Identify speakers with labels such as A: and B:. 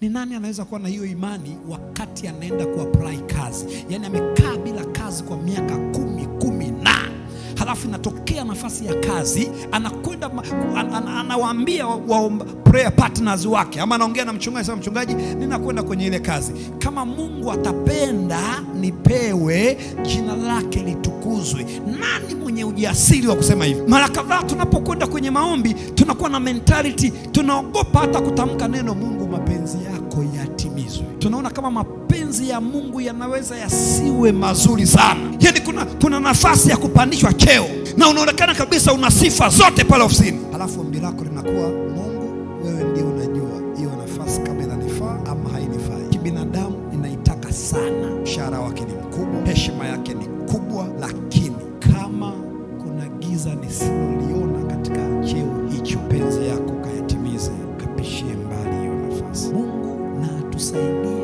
A: Ni nani anaweza kuwa na hiyo imani wakati anaenda kuapply kazi? Yaani amekaa bila kazi kwa miaka kumi kumi na halafu inatokea nafasi ya kazi, anakwenda an, an, anawaambia waomba prayer partners wake, ama anaongea na mchungaji, sema mchungaji, ninakwenda kwenye ile kazi, kama Mungu atapenda nipewe, jina lake litukuzwe. Nani ujasiri wa kusema hivi. Mara kadhaa tunapokwenda kwenye maombi tunakuwa na mentality, tunaogopa hata kutamka neno Mungu, mapenzi yako yatimizwe. Tunaona kama mapenzi ya Mungu yanaweza yasiwe mazuri sana, yaani kuna, kuna nafasi ya kupandishwa cheo na unaonekana kabisa una sifa zote pale ofisini, halafu ombi lako linakuwa Mungu, wewe ndio unajua hiyo nafasi kama inanifaa ama hainifai. Kibinadamu inaitaka sana, mshahara wake ni mkubwa, heshima yake kwanza nisiloliona katika cheo hicho, penzi yako kayatimize, kapishie mbali hiyo nafasi. Mungu na atusaidie.